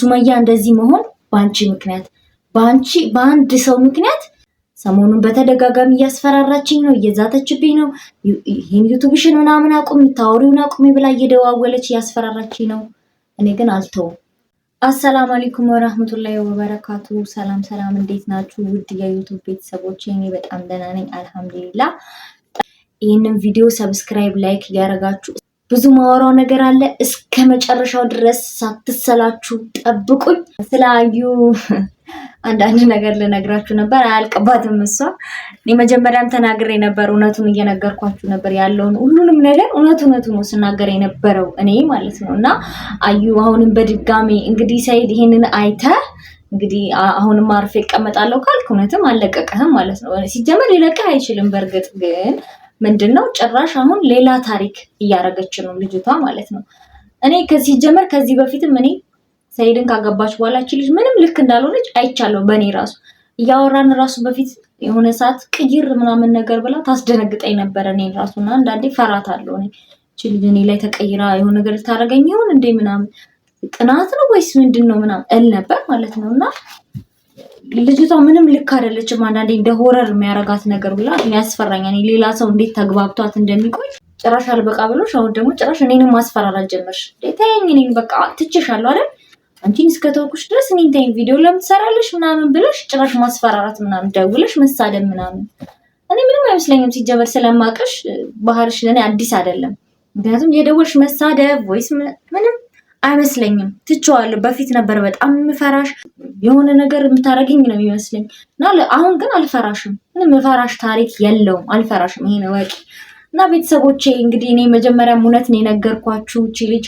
ሱመያ እንደዚህ መሆን በአንቺ ምክንያት በአንቺ በአንድ ሰው ምክንያት ሰሞኑን በተደጋጋሚ እያስፈራራችኝ ነው፣ እየዛተችብኝ ነው። ይህን ዩቱብሽን ምናምን አቁም፣ ታወሪውን አቁሚ ብላ እየደዋወለች እያስፈራራችኝ ነው። እኔ ግን አልተውም። አሰላም አለይኩም ወራህመቱላሂ ወበረካቱ። ሰላም ሰላም፣ እንዴት ናችሁ ውድ የዩቱብ ቤተሰቦች? እኔ በጣም ደህና ነኝ አልሐምዱሊላ። ይህንን ቪዲዮ ሰብስክራይብ፣ ላይክ እያደረጋችሁ ብዙ ማወራው ነገር አለ። እስከ መጨረሻው ድረስ ሳትሰላችሁ ጠብቁኝ። ስለአዩ አንዳንድ ነገር ልነግራችሁ ነበር፣ አያልቅባትም እሷ። እኔ መጀመሪያም ተናግሬ ነበር፣ እውነቱን እየነገርኳችሁ ነበር ያለውን ሁሉንም ነገር እውነት እውነቱ ነው ስናገር የነበረው እኔ ማለት ነው። እና አዩ አሁንም በድጋሚ እንግዲህ ሰይድ ይሄንን አይተ እንግዲህ አሁንም አርፌ እቀመጣለሁ ካልክ እውነትም አለቀቀህም ማለት ነው። ሲጀመር ሊለቀህ አይችልም። በእርግጥ ግን ምንድን ነው ጭራሽ አሁን ሌላ ታሪክ እያደረገች ነው ልጅቷ ማለት ነው። እኔ ሲጀመር ከዚህ በፊትም እኔ ሰይድን ካገባች በኋላች ልጅ ምንም ልክ እንዳልሆነች አይቻለሁ። በእኔ ራሱ እያወራን ራሱ በፊት የሆነ ሰዓት ቅይር ምናምን ነገር ብላ ታስደነግጠኝ ነበረ። እኔ ራሱ እና አንዳንዴ ፈራት እኔ ልጅ እኔ ላይ ተቀይራ የሆነ ነገር ልታደርገኝ ይሆን እንዴ ምናምን፣ ቅናት ነው ወይስ ምንድን ነው ምናምን እል ነበር ማለት ነው እና ልጅቷ ምንም ልክ አይደለችም። አንዳንዴ እንደ ሆረር የሚያረጋት ነገር ብላ ያስፈራኛል። ሌላ ሰው እንዴት ተግባብቷት እንደሚቆይ ጭራሽ አልበቃ ብሎ አሁን ደግሞ ጭራሽ እኔንም ማስፈራራት ጀመርሽ። ተይኝ፣ እኔን በቃ ትችሻለሁ አይደል? አንቺን እስከተወኩሽ ድረስ እኔን ተይኝ፣ ቪዲዮ ለምትሰራለሽ ምናምን ብለሽ ጭራሽ ማስፈራራት ምናምን፣ ደውለሽ መሳደብ ምናምን። እኔ ምንም አይመስለኝም ሲጀመር ስለማቀሽ፣ ባህርሽ ለእኔ አዲስ አይደለም። ምክንያቱም የደወልሽ መሳደብ ወይስ ምንም አይመስለኝም። ትቼዋለሁ። በፊት ነበር በጣም የምፈራሽ የሆነ ነገር የምታደርገኝ ነው የሚመስለኝ እና አሁን ግን አልፈራሽም። ምንም የፈራሽ ታሪክ የለውም። አልፈራሽም። ይሄ ነው በቂ እና ቤተሰቦቼ እንግዲህ እኔ መጀመሪያም እውነት ነው የነገርኳችሁ እቺ ልጅ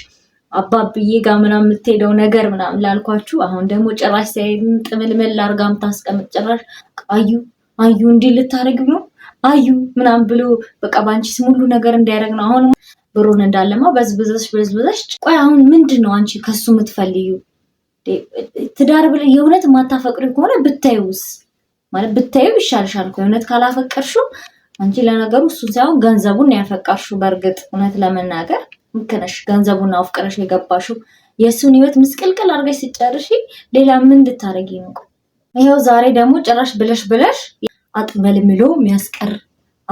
አባብዬ ጋር ምናምን የምትሄደው ነገር ምናምን ላልኳችሁ፣ አሁን ደግሞ ጭራሽ ጥምልምል አርጋ ምታስቀምጥ ጭራሽ አዩ አዩ እንዲህ ልታደርግ ነው አዩ ምናምን ብሎ በቃ በአንቺ ስም ሁሉ ነገር እንዲያደርግ ነው አሁን ብሩን እንዳለማ በዝብዘሽ በዝብዘሽ። ቆይ አሁን ምንድን ነው አንቺ ከሱ የምትፈልዩ? ትዳር ብለ የእውነት የማታፈቅሪ ከሆነ ብታዩስ ማለት ብታዩ ይሻልሻል። የእውነት ካላፈቀርሹ አንቺ ለነገሩ እሱን ሳይሆን ገንዘቡን ያፈቀርሽው። በእርግጥ እውነት ለመናገር ምክነሽ ገንዘቡን አውፍቅረሽ የገባሹ የእሱን ህይወት ምስቅልቅል አድርገሽ ሲጨርሽ ሌላ ምን እንድታደርጊ ይንቁ? ይኸው ዛሬ ደግሞ ጭራሽ ብለሽ ብለሽ አጥመልምሎ የሚያስቀር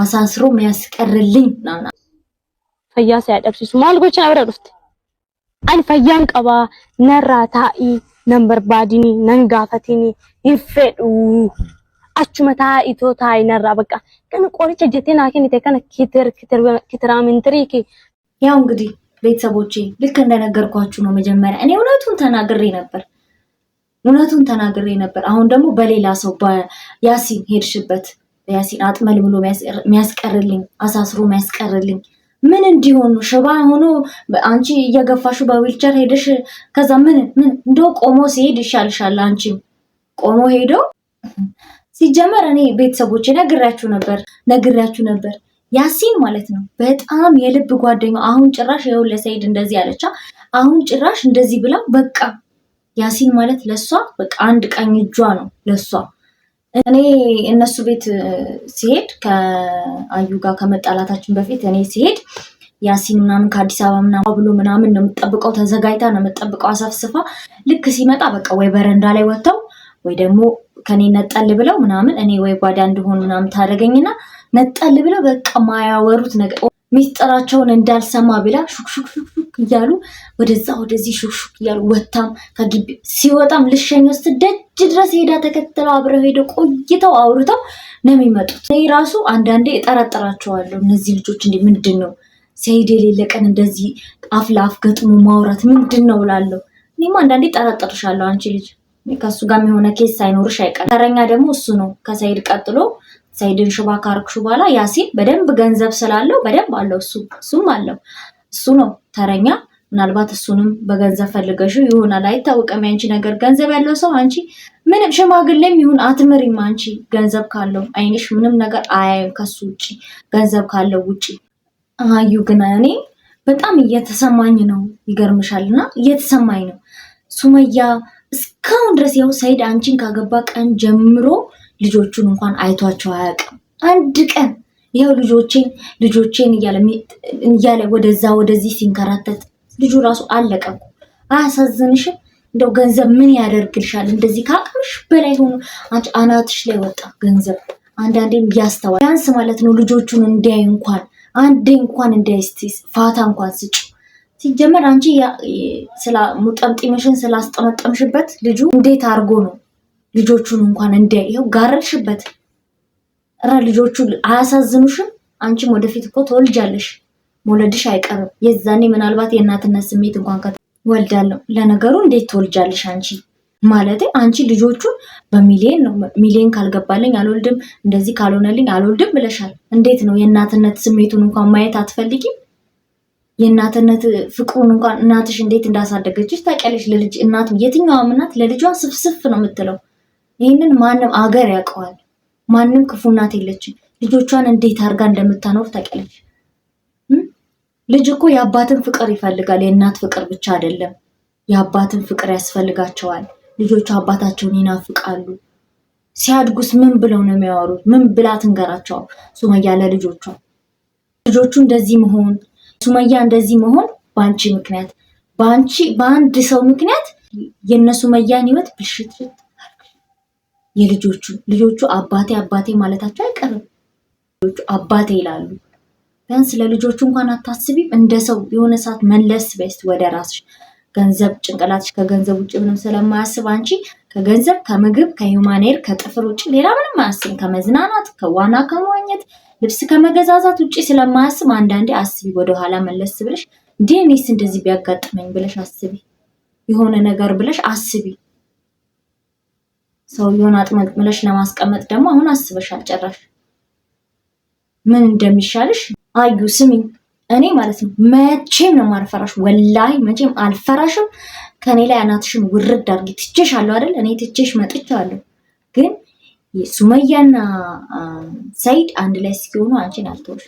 አሳስሮ የሚያስቀርልኝ fayyaa isaa dhabsiisu maal gocha na bira dhufte? Ani fayyaan qabaa narraa taa'ii nan barbaadini nan gaafatini hin fedhu. Achuma taa'itoo taa'ii narraa በቃ ግን ቆርጬ እጀቴን አክኒቴ ከነ ያው እንግዲህ ቤተሰቦቼ ልክ እንደነገርኳችሁ ነው። መጀመሪያ እኔ እውነቱን ተናግሬ ነበር እውነቱን ተናግሬ ነበር። አሁን ደግሞ በሌላ ሰው ያሲን ሄድሽበት ያሲን አጥመል ብሎ የሚያስቀርልኝ አሳስሮ የሚያስቀርልኝ ምን እንዲሆኑ ሽባ ሆኖ አንቺ እየገፋሹ በዊልቸር ሄደሽ ከዛ ምን ምን እንደው ቆሞ ሲሄድ ይሻልሻል። አንቺ ቆሞ ሄዶ ሲጀመር እኔ ቤተሰቦች ነግሬያችሁ ነበር ነግሬያችሁ ነበር ያሲን ማለት ነው በጣም የልብ ጓደኛ አሁን ጭራሽ ይኸው ለሰይድ እንደዚህ አለቻ። አሁን ጭራሽ እንደዚህ ብላ በቃ ያሲን ማለት ለእሷ በቃ አንድ ቀኝ እጇ ነው ለሷ እኔ እነሱ ቤት ሲሄድ ከአዩ ጋር ከመጣላታችን በፊት እኔ ሲሄድ ያሲን ምናምን ከአዲስ አበባ ምናምን ብሎ ምናምን ነው የምጠብቀው። ተዘጋጅታ ነው የምጠብቀው አሰፍስፋ። ልክ ሲመጣ በቃ ወይ በረንዳ ላይ ወጥተው ወይ ደግሞ ከኔ ነጠል ብለው ምናምን እኔ ወይ ጓዳ እንደሆን ምናምን ታደርገኝና ነጠል ብለው በቃ ማያወሩት ነገር ሚስጥራቸውን እንዳልሰማ ብላ ሹክሹክሹክ እያሉ ወደዛ ወደዚህ ሹክሹክ እያሉ ወታም ከግቢ ሲወጣም ልሸኝ ውስጥ ደጅ ድረስ ሄዳ ተከትለው አብረው ሄደው ቆይተው አውርተው ነው የሚመጡት። ይህ ራሱ አንዳንዴ እጠራጠራቸዋለሁ። እነዚህ ልጆች እንዲ ምንድን ነው ሲሄድ የሌለ ቀን እንደዚህ አፍ ለአፍ ገጥሞ ማውራት ምንድን ነው እላለሁ። እኔማ አንዳንዴ እጠራጠርሻለሁ አንቺ ልጅ ከሱ ጋር የሆነ ኬስ ሳይኖርሽ አይቀርም። ተረኛ ደግሞ እሱ ነው ከሰይድ ቀጥሎ። ሰይድን ሽባ ካርክሹ በኋላ ያሲን በደንብ ገንዘብ ስላለው በደንብ አለው እሱ እሱም አለው እሱ ነው ተረኛ። ምናልባት እሱንም በገንዘብ ፈልገሹ ይሆናል አይታወቅም። ያንቺ ነገር ገንዘብ ያለው ሰው አንቺ ምንም ሽማግሌም ይሁን አትምሪም። አንቺ ገንዘብ ካለው አይንሽ ምንም ነገር አያይም ከሱ ውጭ ገንዘብ ካለው ውጭ። አዩ ግን እኔ በጣም እየተሰማኝ ነው ይገርምሻል። እና እየተሰማኝ ነው ሱመያ እስካሁን ድረስ ያው ሰይድ አንቺን ካገባ ቀን ጀምሮ ልጆቹን እንኳን አይቷቸው አያውቅም። አንድ ቀን ይኸው ልጆቼን ልጆቼን እያለ ወደዛ ወደዚህ ሲንከራተት ልጁ ራሱ አለቀ። አያሳዝንሽም? እንደው ገንዘብ ምን ያደርግልሻል? እንደዚህ ከአቅምሽ በላይ ሆኖ አንቺ አናትሽ ላይ ወጣ ገንዘብ። አንዳንዴም ያስተዋል ቢያንስ ማለት ነው ልጆቹን እንዲያይ እንኳን አንዴ እንኳን እንዳይ፣ እስቲ ፋታ እንኳን ስጭ ሲጀመር አንቺ ሙጠምጢምሽን ስላስጠመጠምሽበት ልጁ እንዴት አድርጎ ነው ልጆቹን እንኳን እንደ ይኸው ጋረድሽበት። እረ ልጆቹ አያሳዝኑሽም? አንቺም ወደፊት እኮ ትወልጃለሽ፣ መውለድሽ አይቀርም። የዛኔ ምናልባት የእናትነት ስሜት እንኳን ከ ወልዳለሁ። ለነገሩ እንዴት ትወልጃለሽ አንቺ ማለት አንቺ ልጆቹን በሚሊየን ነው ሚሊዮን ካልገባልኝ አልወልድም፣ እንደዚህ ካልሆነልኝ አልወልድም ብለሻል። እንዴት ነው የእናትነት ስሜቱን እንኳን ማየት አትፈልጊም? የእናትነት ፍቅሩን እንኳን እናትሽ እንዴት እንዳሳደገችሽ ታውቂያለሽ። ለልጅ እናት የትኛውም እናት ለልጇ ስፍስፍ ነው የምትለው። ይህንን ማንም አገር ያውቀዋል። ማንም ክፉ እናት የለችም። ልጆቿን እንዴት አድርጋ እንደምታኖር ታውቂያለሽ። ልጅ እኮ የአባትን ፍቅር ይፈልጋል። የእናት ፍቅር ብቻ አይደለም፣ የአባትን ፍቅር ያስፈልጋቸዋል። ልጆቹ አባታቸውን ይናፍቃሉ። ሲያድጉስ ምን ብለው ነው የሚያወሩት? ምን ብላ ትንገራቸው ሱመያ ለልጆቿ? ልጆቹ እንደዚህ መሆን ሱመያ እንደዚህ መሆን በአንቺ ምክንያት በአንቺ በአንድ ሰው ምክንያት የእነሱ መያን ህይወት ብልሽት የልጆቹ ልጆቹ አባቴ አባቴ ማለታቸው አይቀርም። ልጆቹ አባቴ ይላሉ። ቢያንስ ለልጆቹ እንኳን አታስቢም? እንደ ሰው የሆነ ሰዓት መለስ በስት ወደ ራስሽ። ገንዘብ ጭንቅላትሽ ከገንዘብ ውጭ ምንም ስለማያስብ አንቺ ከገንዘብ ከምግብ ከሂውማን ኤር ከጥፍር ውጭ ሌላ ምንም አያስብም። ከመዝናናት ከዋና ከመዋኘት ልብስ ከመገዛዛት ውጭ ስለማያስብ አንዳንዴ አስቢ፣ ወደኋላ መለስ ብለሽ እንዴ እኔስ እንደዚህ ቢያጋጥመኝ ብለሽ አስቢ፣ የሆነ ነገር ብለሽ አስቢ። ሰውየውን አጥመጥምለሽ ለማስቀመጥ ደግሞ አሁን አስበሽ አልጨራሽ። ምን እንደሚሻልሽ አዩ። ስሚኝ እኔ ማለት ነው መቼም ነው ማልፈራሽ፣ ወላሂ መቼም አልፈራሽም። ከኔ ላይ አናትሽን ውርድ አድርጊ። ትቼሽ አለው አይደል? እኔ ትቼሽ መጥቻለሁ ግን ሱመያና ሰይድ አንድ ላይ እስኪሆኑ አንቺን አልተውሽ።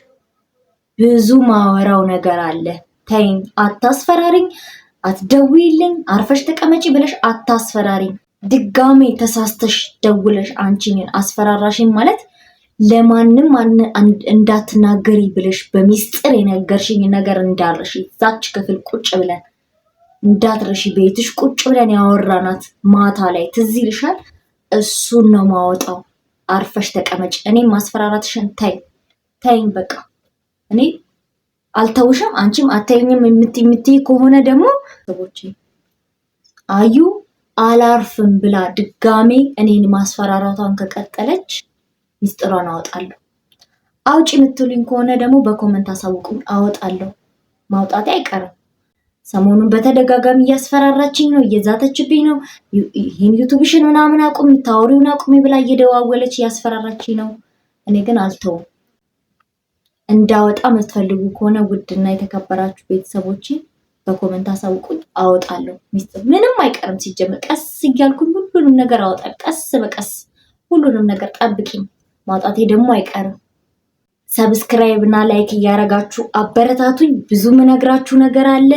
ብዙ ማወራው ነገር አለ። ተይኝ፣ አታስፈራሪኝ፣ አትደውይልኝ፣ አርፈሽ ተቀመጪ ብለሽ አታስፈራሪኝ። ድጋሜ ተሳስተሽ ደውለሽ አንቺን አስፈራራሽኝ ማለት ለማንም እንዳትናገሪ ብለሽ በሚስጥር የነገርሽኝ ነገር እንዳረሽ ዛች ክፍል ቁጭ ብለን እንዳትረሺ ቤትሽ ቁጭ ብለን ያወራናት ማታ ላይ ትዝ ይልሻል። እሱን ነው ማወጣው። አርፈሽ ተቀመጭ። እኔ ማስፈራራትሽን ተይ ተይኝ፣ በቃ እኔ አልተውሽም፣ አንቺም የምት የምትይ ከሆነ ደግሞ ሰዎች አዩ አላርፍም ብላ ድጋሜ እኔን ማስፈራራቷን ከቀጠለች ሚስጥሯን አወጣለሁ። አውጪ የምትሉኝ ከሆነ ደግሞ በኮመንት አሳውቁኝ፣ አወጣለሁ። ማውጣቴ አይቀርም። ሰሞኑን በተደጋጋሚ እያስፈራራችኝ ነው፣ እየዛተችብኝ ነው። ይህን ዩቱብሽን ምናምን አቁሚ፣ ታወሪውን አቁሚ ብላ እየደዋወለች እያስፈራራችኝ ነው። እኔ ግን አልተውም። እንዳወጣ የምትፈልጉ ከሆነ ውድና የተከበራችሁ ቤተሰቦች በኮመንት አሳውቁኝ፣ አወጣለሁ። ሚስጥር ምንም አይቀርም። ሲጀምር ቀስ እያልኩኝ ሁሉንም ነገር አወጣል። ቀስ በቀስ ሁሉንም ነገር ጠብቂኝ፣ ማውጣቴ ደግሞ አይቀርም። ሰብስክራይብ እና ላይክ እያደረጋችሁ አበረታቱኝ። ብዙ ምነግራችሁ ነገር አለ።